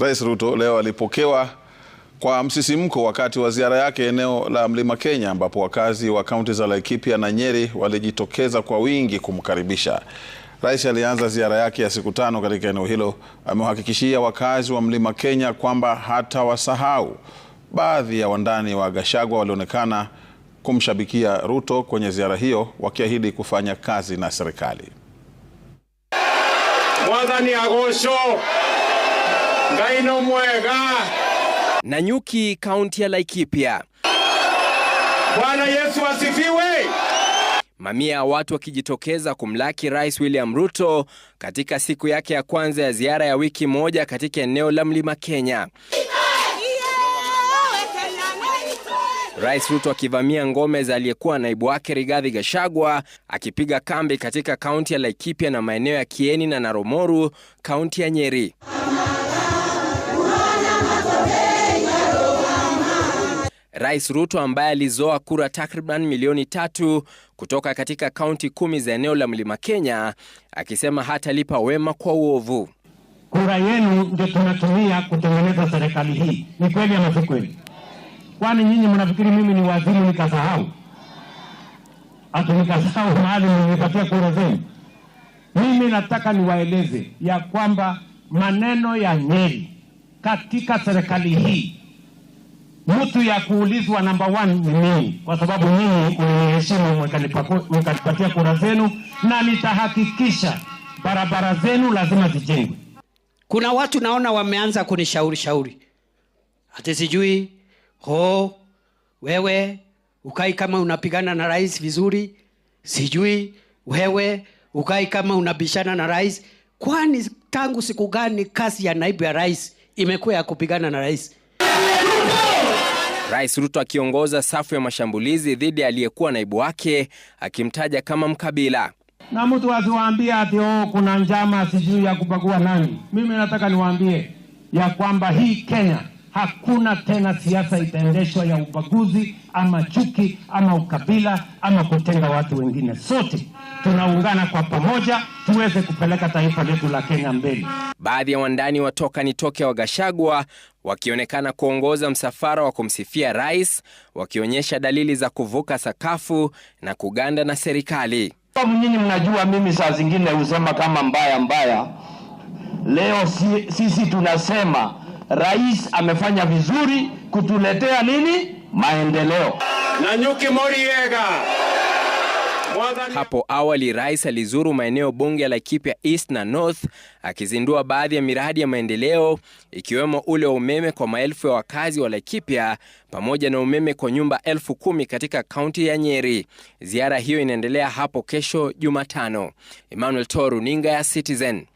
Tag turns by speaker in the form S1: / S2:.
S1: Rais Ruto leo alipokewa kwa msisimko wakati wa ziara yake eneo la Mlima Kenya ambapo wakazi wa kaunti za Laikipia na Nyeri walijitokeza kwa wingi kumkaribisha. Rais alianza ziara yake ya siku tano katika eneo hilo. Amewahakikishia wakazi wa Mlima Kenya kwamba hatawasahau. Baadhi ya wandani wa Gachagua walionekana kumshabikia Ruto kwenye ziara hiyo wakiahidi kufanya kazi na serikali.
S2: Mwadhani Agosho Ngai no mwega.
S3: Nanyuki, kaunti ya Laikipia.
S2: Bwana Yesu asifiwe.
S3: Mamia ya watu wakijitokeza kumlaki Rais William Ruto katika siku yake ya kwanza ya ziara ya wiki moja katika eneo la Mlima Kenya. Rais Ruto akivamia ngome za aliyekuwa naibu wake Rigathi gashagwa akipiga kambi katika kaunti ya Laikipia na maeneo ya Kieni na Naromoru, kaunti ya Nyeri. Rais Ruto ambaye alizoa kura takriban milioni tatu kutoka katika kaunti kumi za eneo la Mlima Kenya akisema hatalipa wema kwa uovu.
S4: Kura yenu ndio tunatumia kutengeneza serikali hii. Ni kweli ama si kweli? Kwani nyinyi mnafikiri mimi ni wazimu nikasahau? Ati nikasahau mahali nilipatia kura zenu? Mimi nataka niwaeleze ya kwamba maneno ya Nyeri katika serikali hii mtu ya kuulizwa namba one ni mimi, kwa sababu nyinyi mliniheshimu mkanipatia kura zenu, na nitahakikisha barabara zenu lazima zijengwe.
S5: Kuna watu naona wameanza kunishauri shauri, hata sijui ho, wewe ukai kama unapigana na rais vizuri, sijui wewe ukai kama unabishana na rais. Kwani tangu siku gani kazi ya naibu ya rais imekuwa ya kupigana na rais?
S3: Rais Ruto akiongoza safu ya mashambulizi dhidi ya aliyekuwa naibu wake akimtaja kama mkabila.
S4: Na mtu asiwaambie ati oh, kuna njama sijui ya kubagua nani. Mimi nataka niwaambie ya kwamba hii Kenya Hakuna tena siasa itaendeshwa ya ubaguzi ama chuki ama ukabila ama kutenga watu wengine. Sote tunaungana kwa pamoja tuweze kupeleka taifa letu la Kenya mbele.
S3: Baadhi ya wandani wa Toka ni Toke Wagashagwa wakionekana kuongoza msafara wa kumsifia rais, wakionyesha dalili za kuvuka sakafu na kuganda na serikali.
S4: Nyinyi mnajua mimi saa zingine husema kama mbaya mbaya, leo sisi tunasema rais amefanya vizuri kutuletea nini maendeleo. nyuki Moriega.
S3: Hapo awali rais alizuru maeneo bunge la kipya East na North akizindua baadhi ya miradi ya maendeleo ikiwemo ule wa umeme kwa maelfu ya wakazi wa Laikipia pamoja na umeme kwa nyumba elfu kumi katika kaunti ya Nyeri. Ziara hiyo inaendelea hapo kesho Jumatano. Emmanuel Toruninga ya Citizen.